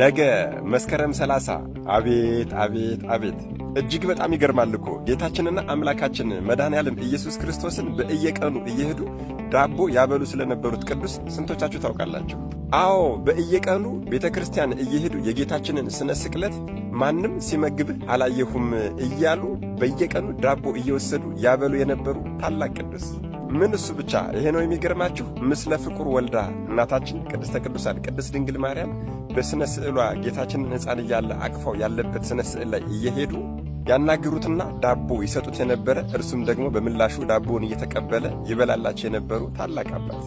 ነገ መስከረም 30 አቤት አቤት አቤት! እጅግ በጣም ይገርማል እኮ ጌታችንና አምላካችን መድኃኔ ኢየሱስ ክርስቶስን በእየቀኑ እየሄዱ ዳቦ ያበሉ ስለነበሩት ቅዱስ ስንቶቻችሁ ታውቃላችሁ? አዎ፣ በእየቀኑ ቤተ ክርስቲያን እየሄዱ የጌታችንን ስነ ስቅለት ማንም ሲመግብህ አላየሁም እያሉ በየቀኑ ዳቦ እየወሰዱ ያበሉ የነበሩ ታላቅ ቅዱስ ምን እሱ ብቻ ይሄ ነው የሚገርማችሁ? ምስለ ፍቁር ወልዳ እናታችን ቅድስተ ቅዱሳን ቅድስት ድንግል ማርያም በስነ ስዕሏ ጌታችንን ሕፃን እያለ አቅፋው ያለበት ስነ ስዕል ላይ እየሄዱ ያናግሩትና ዳቦ ይሰጡት የነበረ እርሱም ደግሞ በምላሹ ዳቦውን እየተቀበለ ይበላላቸው የነበሩ ታላቅ አባት።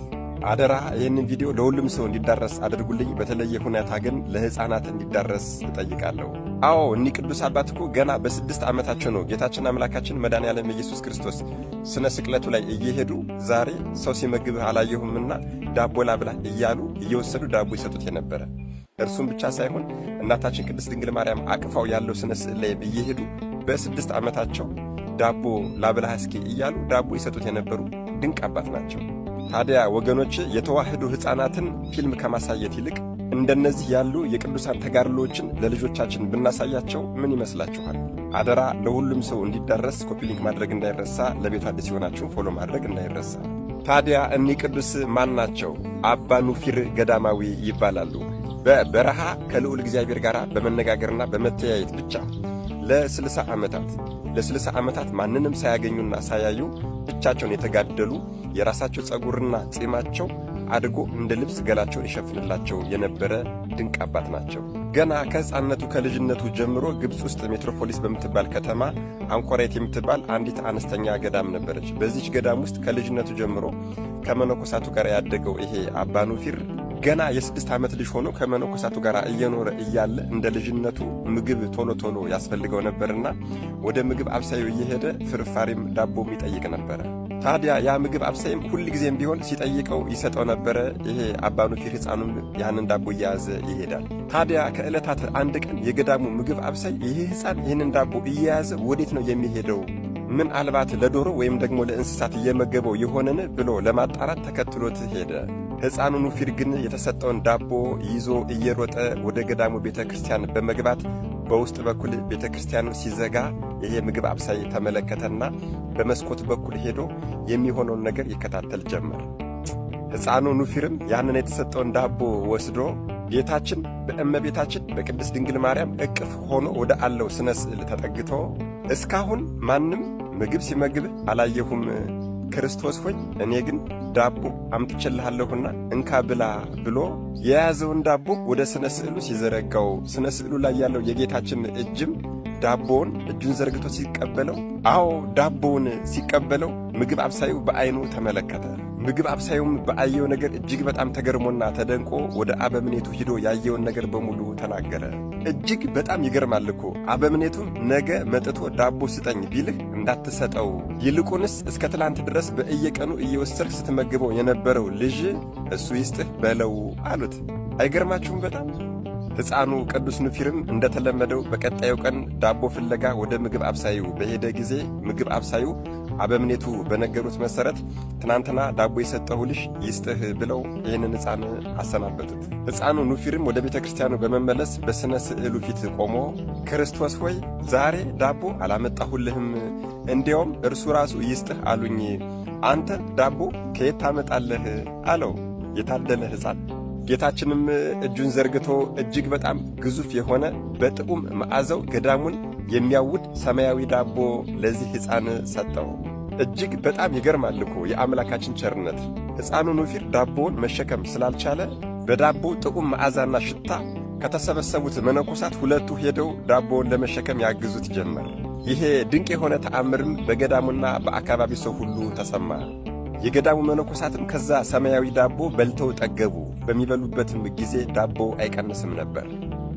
አደራ ይህንን ቪዲዮ ለሁሉም ሰው እንዲዳረስ አድርጉልኝ። በተለየ ሁኔታ ግን ለሕፃናት እንዲዳረስ እጠይቃለሁ። አዎ እኒህ ቅዱስ አባት እኮ ገና በስድስት ዓመታቸው ነው ጌታችን አምላካችን መድኃኔ ዓለም ኢየሱስ ክርስቶስ ስነ ስቅለቱ ላይ እየሄዱ ዛሬ ሰው ሲመግብህ አላየሁምና ዳቦ ላብላ እያሉ እየወሰዱ ዳቦ ይሰጡት የነበረ እርሱም ብቻ ሳይሆን እናታችን ቅድስት ድንግል ማርያም አቅፋው ያለው ስነ ስዕል ላይ እየሄዱ በስድስት ዓመታቸው ዳቦ ላብላህ እስኪ እያሉ ዳቦ ይሰጡት የነበሩ ድንቅ አባት ናቸው። ታዲያ ወገኖች የተዋህዶ ሕፃናትን ፊልም ከማሳየት ይልቅ እንደነዚህ ያሉ የቅዱሳን ተጋድሎዎችን ለልጆቻችን ብናሳያቸው ምን ይመስላችኋል? አደራ ለሁሉም ሰው እንዲዳረስ ኮፒሊንክ ማድረግ እንዳይረሳ፣ ለቤቱ አዲስ የሆናችሁን ፎሎ ማድረግ እንዳይረሳ። ታዲያ እኒህ ቅዱስ ማን ናቸው? አባ ኑፊር ገዳማዊ ይባላሉ። በበረሃ ከልዑል እግዚአብሔር ጋር በመነጋገርና በመተያየት ብቻ ለስልሳ ዓመታት ለስልሳ ዓመታት ማንንም ሳያገኙና ሳያዩ ብቻቸውን የተጋደሉ የራሳቸው ጸጉርና ጺማቸው አድጎ እንደ ልብስ ገላቸውን ይሸፍንላቸው የነበረ ድንቅ አባት ናቸው። ገና ከሕፃንነቱ ከልጅነቱ ጀምሮ ግብፅ ውስጥ ሜትሮፖሊስ በምትባል ከተማ አንኮራይት የምትባል አንዲት አነስተኛ ገዳም ነበረች። በዚች ገዳም ውስጥ ከልጅነቱ ጀምሮ ከመነኮሳቱ ጋር ያደገው ይሄ አባኑፊር። ገና የስድስት ዓመት ልጅ ሆኖ ከመነኮሳቱ ጋር እየኖረ እያለ እንደ ልጅነቱ ምግብ ቶሎ ቶሎ ያስፈልገው ነበርና ወደ ምግብ አብሳዩ እየሄደ ፍርፋሪም ዳቦም ይጠይቅ ነበረ። ታዲያ ያ ምግብ አብሳይም ሁል ጊዜም ቢሆን ሲጠይቀው ይሰጠው ነበረ። ይሄ አባኑ ፊር ሕፃኑም ያንን ዳቦ እየያዘ ይሄዳል። ታዲያ ከዕለታት አንድ ቀን የገዳሙ ምግብ አብሳይ ይህ ሕፃን ይህንን ዳቦ እየያዘ ወዴት ነው የሚሄደው? ምናልባት ለዶሮ ወይም ደግሞ ለእንስሳት እየመገበው የሆነን ብሎ ለማጣራት ተከትሎት ሄደ። ሕፃኑን ኑፊር ግን የተሰጠውን ዳቦ ይዞ እየሮጠ ወደ ገዳሙ ቤተ ክርስቲያን በመግባት በውስጥ በኩል ቤተ ክርስቲያኑ ሲዘጋ ይሄ ምግብ አብሳይ ተመለከተና በመስኮት በኩል ሄዶ የሚሆነውን ነገር ይከታተል ጀመር። ሕፃኑ ኑፊርም ያንን የተሰጠውን ዳቦ ወስዶ ጌታችን በእመቤታችን በቅድስት ድንግል ማርያም እቅፍ ሆኖ ወደ አለው ስነ ስዕል ተጠግቶ እስካሁን ማንም ምግብ ሲመግብ አላየሁም ክርስቶስ ሆይ እኔ ግን ዳቦ አምጥቼልሃለሁና እንካ ብላ ብሎ የያዘውን ዳቦ ወደ ስነ ስዕሉ ሲዘረጋው ስነ ስዕሉ ላይ ያለው የጌታችን እጅም ዳቦውን እጁን ዘርግቶ ሲቀበለው፣ አዎ ዳቦውን ሲቀበለው ምግብ አብሳዩ በዐይኑ ተመለከተ። ምግብ አብሳዩም በአየው ነገር እጅግ በጣም ተገርሞና ተደንቆ ወደ አበምኔቱ ሂዶ ያየውን ነገር በሙሉ ተናገረ። እጅግ በጣም ይገርማል እኮ አበምኔቱም ነገ መጥቶ ዳቦ ስጠኝ ቢልህ እንዳትሰጠው፣ ይልቁንስ እስከ ትላንት ድረስ በእየቀኑ እየወሰርህ ስትመግበው የነበረው ልጅ እሱ ይስጥህ በለው አሉት። አይገርማችሁም በጣም ሕፃኑ ቅዱስ ኑፊርም እንደተለመደው በቀጣዩ ቀን ዳቦ ፍለጋ ወደ ምግብ አብሳዩ በሄደ ጊዜ ምግብ አብሳዩ አበምኔቱ በነገሩት መሰረት ትናንትና ዳቦ የሰጠሁልሽ ይስጥህ ብለው ይህንን ሕፃን አሰናበቱት። ሕፃኑ ኑፊርም ወደ ቤተ ክርስቲያኑ በመመለስ በሥነ ስዕሉ ፊት ቆሞ ክርስቶስ ሆይ ዛሬ ዳቦ አላመጣሁልህም፣ እንዲያውም እርሱ ራሱ ይስጥህ አሉኝ። አንተ ዳቦ ከየት ታመጣለህ? አለው የታደለ ሕፃን። ጌታችንም እጁን ዘርግቶ እጅግ በጣም ግዙፍ የሆነ በጥዑም መዓዛው ገዳሙን የሚያውድ ሰማያዊ ዳቦ ለዚህ ሕፃን ሰጠው። እጅግ በጣም ይገርማል እኮ የአምላካችን ቸርነት። ሕፃኑን ኑፊር ዳቦውን መሸከም ስላልቻለ በዳቦ ጥዑም መዓዛና ሽታ ከተሰበሰቡት መነኮሳት ሁለቱ ሄደው ዳቦውን ለመሸከም ያግዙት ጀመር። ይሄ ድንቅ የሆነ ተአምርም በገዳሙና በአካባቢ ሰው ሁሉ ተሰማ። የገዳሙ መነኮሳትም ከዛ ሰማያዊ ዳቦ በልተው ጠገቡ። በሚበሉበትም ጊዜ ዳቦ አይቀንስም ነበር።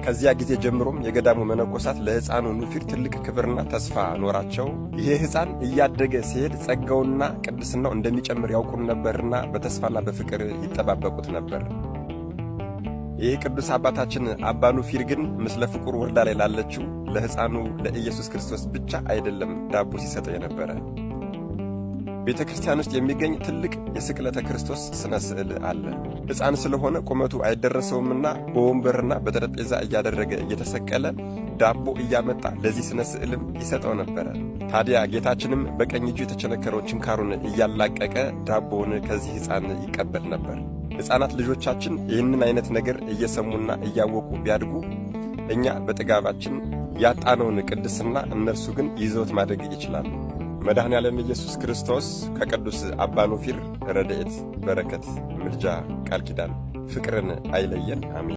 ከዚያ ጊዜ ጀምሮም የገዳሙ መነኮሳት ለሕፃኑ ኑፊር ትልቅ ክብርና ተስፋ ኖራቸው። ይሄ ሕፃን እያደገ ሲሄድ ጸጋውና ቅድስናው እንደሚጨምር ያውቁን ነበርና በተስፋና በፍቅር ይጠባበቁት ነበር። ይህ ቅዱስ አባታችን አባ ኑፊር ግን ምስለ ፍቁር ወረዳ ላይ ላለችው ለሕፃኑ ለኢየሱስ ክርስቶስ ብቻ አይደለም ዳቦ ሲሰጠው የነበረ ቤተ ክርስቲያን ውስጥ የሚገኝ ትልቅ የስቅለተ ክርስቶስ ስነ ስዕል አለ። ሕፃን ስለሆነ ቁመቱ አይደረሰውምና በወንበርና በጠረጴዛ እያደረገ እየተሰቀለ ዳቦ እያመጣ ለዚህ ስነ ስዕልም ይሰጠው ነበረ። ታዲያ ጌታችንም በቀኝ እጁ የተቸነከረው ችንካሩን እያላቀቀ ዳቦውን ከዚህ ሕፃን ይቀበል ነበር። ሕፃናት ልጆቻችን ይህንን አይነት ነገር እየሰሙና እያወቁ ቢያድጉ እኛ በጥጋባችን ያጣነውን ቅድስና እነርሱ ግን ይዘውት ማደግ ይችላሉ። ያለም ኢየሱስ ክርስቶስ ከቅዱስ አባ ኖፊር ረድኤት፣ በረከት፣ ምልጃ፣ ቃል ኪዳን ፍቅርን አይለየን። አሜን።